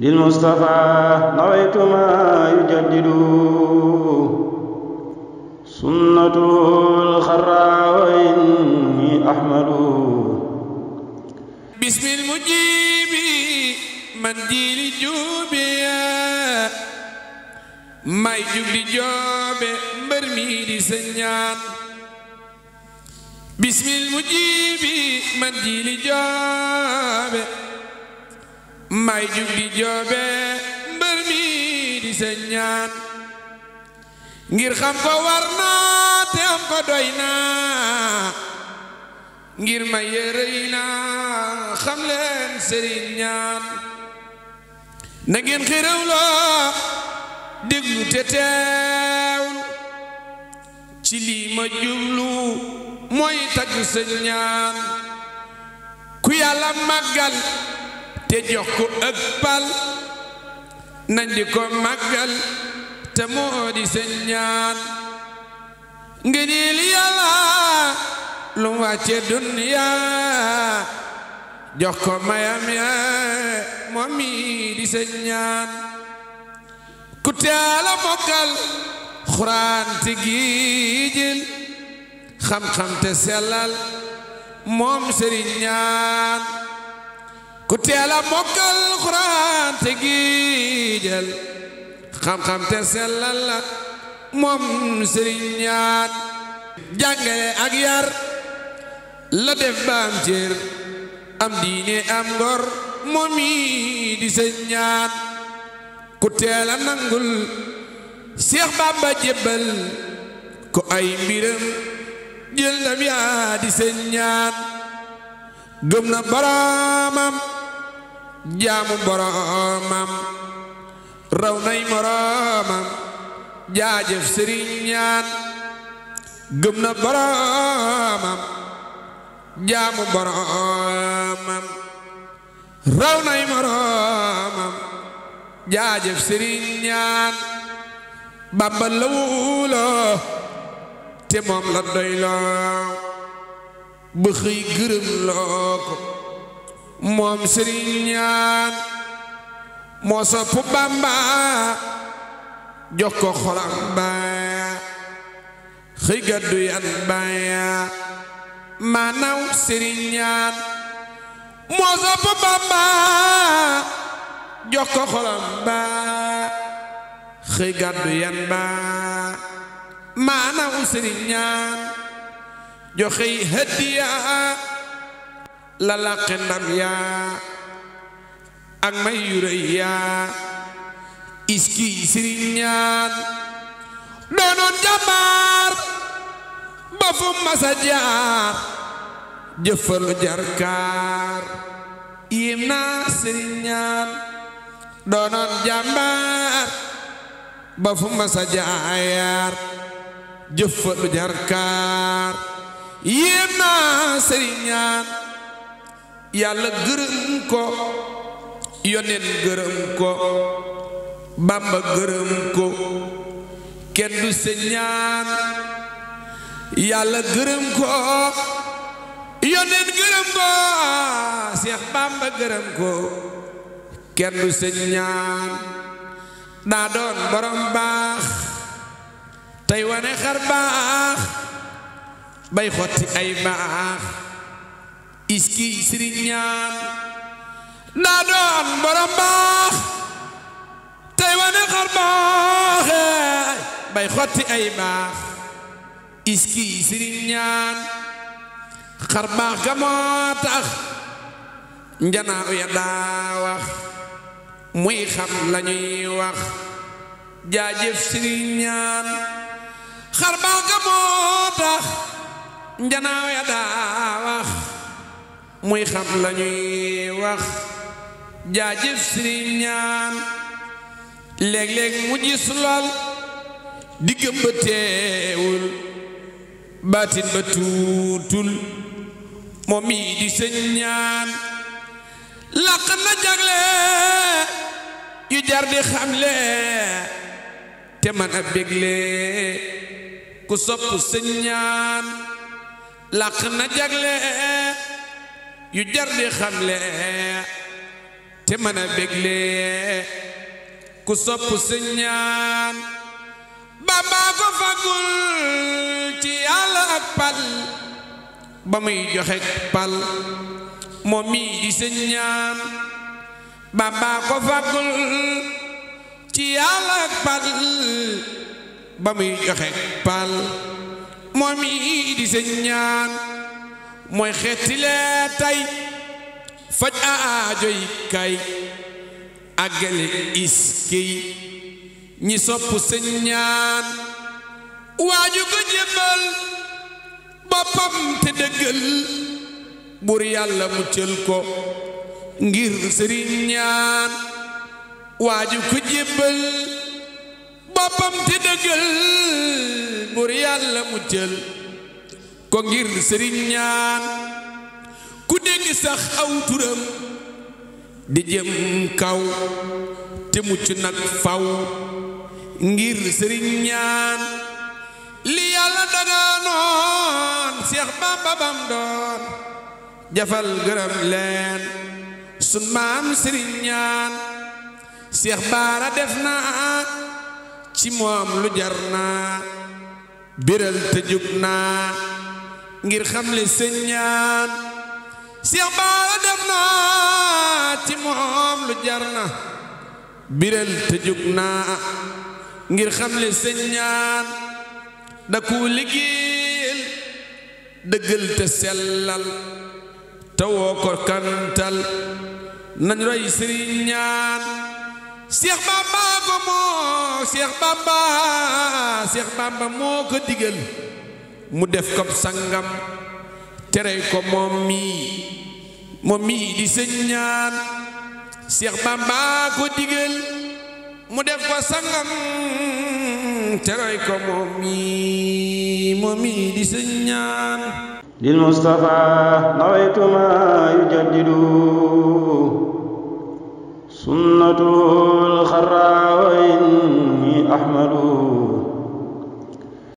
للمصطفى نويت ما يجدد سنته الخرى وإني أحمد بسم المجيب من ديل جوبيا may jug di joobe mbër mi di sa ñaan bismil mujibi man ji li joobe may jug di joobe mbër mi di sa ngir xam ko war naa te am ko doy naa ngir ma yërëy naa xam leen sëriñ ñaan na ngeen xéréw loo déglu te teewul ci lii ma jublu mooy tagg sëñ ñaan ku yàlla màggal te jox ko ak nañ di ko màggal te moo di seen ñaan ngëneel yàlla lu mu wàcce jox ko mayam ya moom di seen ku teel mokkal xuraan te giijil xam-xam te sellal moom sëriñ ku teel a mokkal xuraan te giijal xam-xam te sellal la moom sëriñ ñaan jàngale ak yar la def ba am am diine am ngor moom yi di sëñ ñaan ku teel a nangul Seex Bàmba jébbal ko ay mbiram jël ndam yaa di sëñ gëm na boroomam jaamu boromam raw nay moromam jaajëf sëriñ ñaan jaamu boromam raw nay moromam jaajëf sëriñ ñaan te moom la doyloo ba xëy gërëm loo moom sëriñ ñaan moo sopp Bàmba jox ko xolam baya xëy gàddu yan baya maanaam sëriñ ñaan moo sopp Bàmba jox ko xolam baya xëy gàddu yan baya maanaam sëriñ ñaan joxey hadiya la làqe ndam yaa ak may iski sëriñ doonoon jàmbaar ba masa jaar jëfalu jarkaar yéem naa sëriñ doonoon jàmbaar ba masa jaar jëfalu jarkaar yéem naa sëriñ yàlla gërëm ko yoneen gërëm ko bàmba gërëm ko kenn du sa ñaan yàlla gërëm ko yoneen gërëm ko seex bàmba gërëm ko kenn du sa daa doon borom baax tey wane xar baax bay xotti ay baax iski sëriñ ñaan doon borom baax tey wane xar baaxe bay xotti ay baax iski sëriñ xar baax ga moo tax ya daa muy xam lañuy wax jaajëf sëriñ xar baax ga moo tax ya daa muy xam lañuy wax jaajëf sëriñ ñaan léeg-léeg mu gis lool diggam ba teewul baatin ba tuutul moom mii di sëñ làq na jagle yu jar di xamle te man a bégle ku sopp sëñ ñaan làq na jagle yu jar di xamle te mën a bégle ku sopp sëñ ñaan bàbbaa ko fagul ci yàlla ak pal ba muy joxe pal moom mii di sëñ ñaan bàbbaa ko fagul ci yàlla ak pal ba muy joxe pal moom mii di sëñ ñaan mooy xeetilee tey faj aajo yi kay àggale iskiy ñi sopp sëñ ñaan waaju ko jébbal boppam te dëggal buur yàlla mu cël ko ngir sëriñ ñaan waaju ko jébbal boppam te dëggal buur yàlla mu cël ko ngir sëriñ ñaan ku dégg sax aw di jëm kaw te mucc nag faw ngir sëriñ ñaan li yàlla dagaanoon seex bamba bam doon jafal gërëm leen sun maam sëriñ ñaan seex baara def naa ci moom lu jar naa biral te jug naa ngir xam le sëñ ñaan Cheikh Bara def naa ci moom lu jar na biral te jug naa ngir xam le sëñ ñaan da ku liggéeyal dëggal te sellal te woo ko kantal nañ roy sëriñ ñaan Cheikh Bamba ko moo Cheikh Bamba Cheikh Bamba moo ko digal mu def ko sangam tere ko moom mii moom mii di sëñ ñaan Cheikh Bamba ko digal mu def ko sangam tere ko moom mii moom mii di sëñ ñaan lil Mustafa nawaytu ma yujaddidu sunnatul xarra wa inni ahmadu